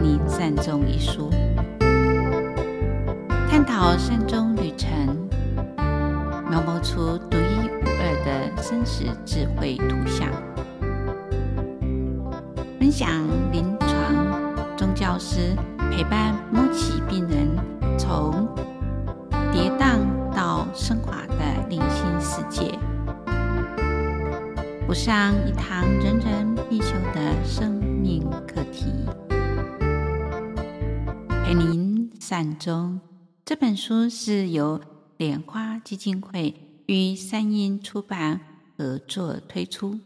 陪你善終一書，探討善終旅程，描摹出獨一無二的生死智慧圖像，分享臨床宗教師陪伴末期病人從跌宕到昇華的靈性世界。補上一堂人人必修的。善終》這本書是由蓮花基金會與三應出版合作推出，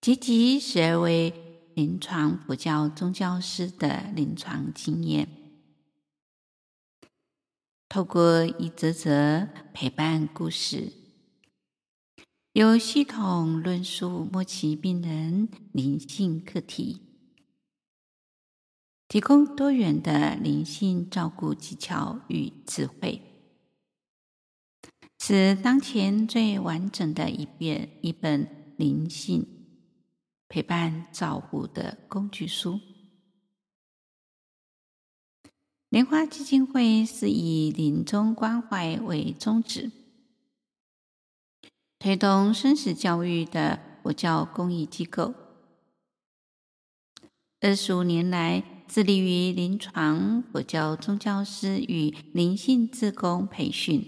結集十二位臨床佛教宗教師的臨床經驗，透過一則則陪伴故事，有系統論述末期病人靈性課題。提供多元的靈性照顧技巧與智慧，是當前最完整的一遍一本靈性陪伴照顧的工具書。蓮花基金會是以臨終關懷為宗旨，推動生死教育的佛教公益機構。二十五年來，致力於臨床佛教宗教師與靈性志工培訓。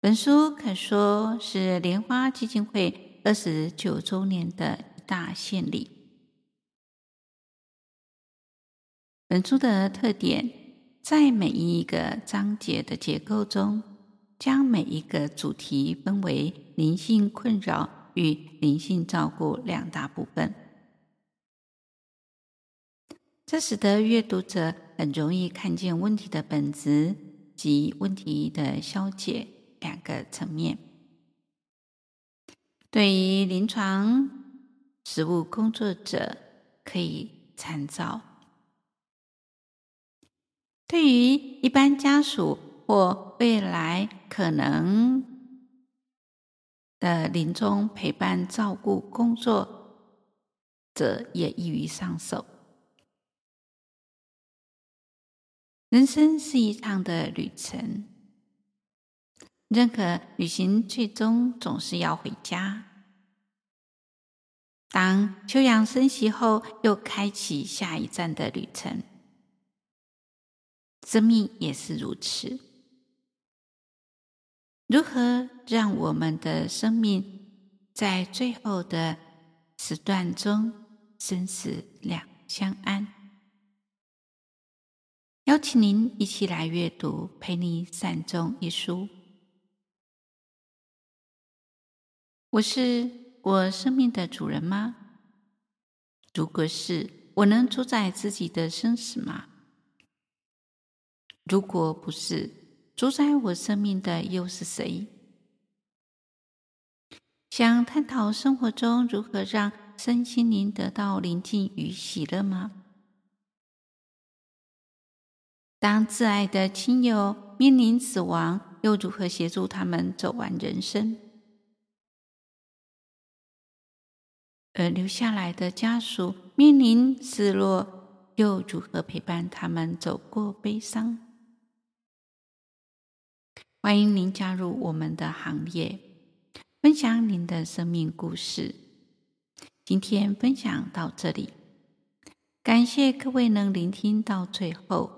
本書可說是蓮花基金會二十九週年的一大獻禮。本書的特點，在每一個章節的結構中，將每一個主題分為靈性困擾與靈性照顧兩大部分。這使得閱讀者很容易看見問題的本質及問題的消解兩個層面。對於臨床實務工作者可以參照；對於一般家屬或未來可能的臨終陪伴照顧工作者，也易於上手。人生是一趟的旅程，任何旅行最終總是要回家。當休養生息後，又開啟下一站的旅程。生命也是如此。如何讓我們的生命在最後的時段中生死兩相安？邀請您一起來閱讀《陪你善終》一書。我是我生命的主人嗎？如果是，我能主宰自己的生死嗎？如果不是，主宰我生命的又是誰？想探討生活中如何讓身心靈得到寧靜與喜樂嗎？當摯愛的親友面臨死亡，又如何協助他們走完人生？而留下來的家屬面臨失落，又如何陪伴他們走過悲傷？歡迎您加入我們的行列，分享您的生命故事。今天分享到這裡，感謝各位能聆聽到最後。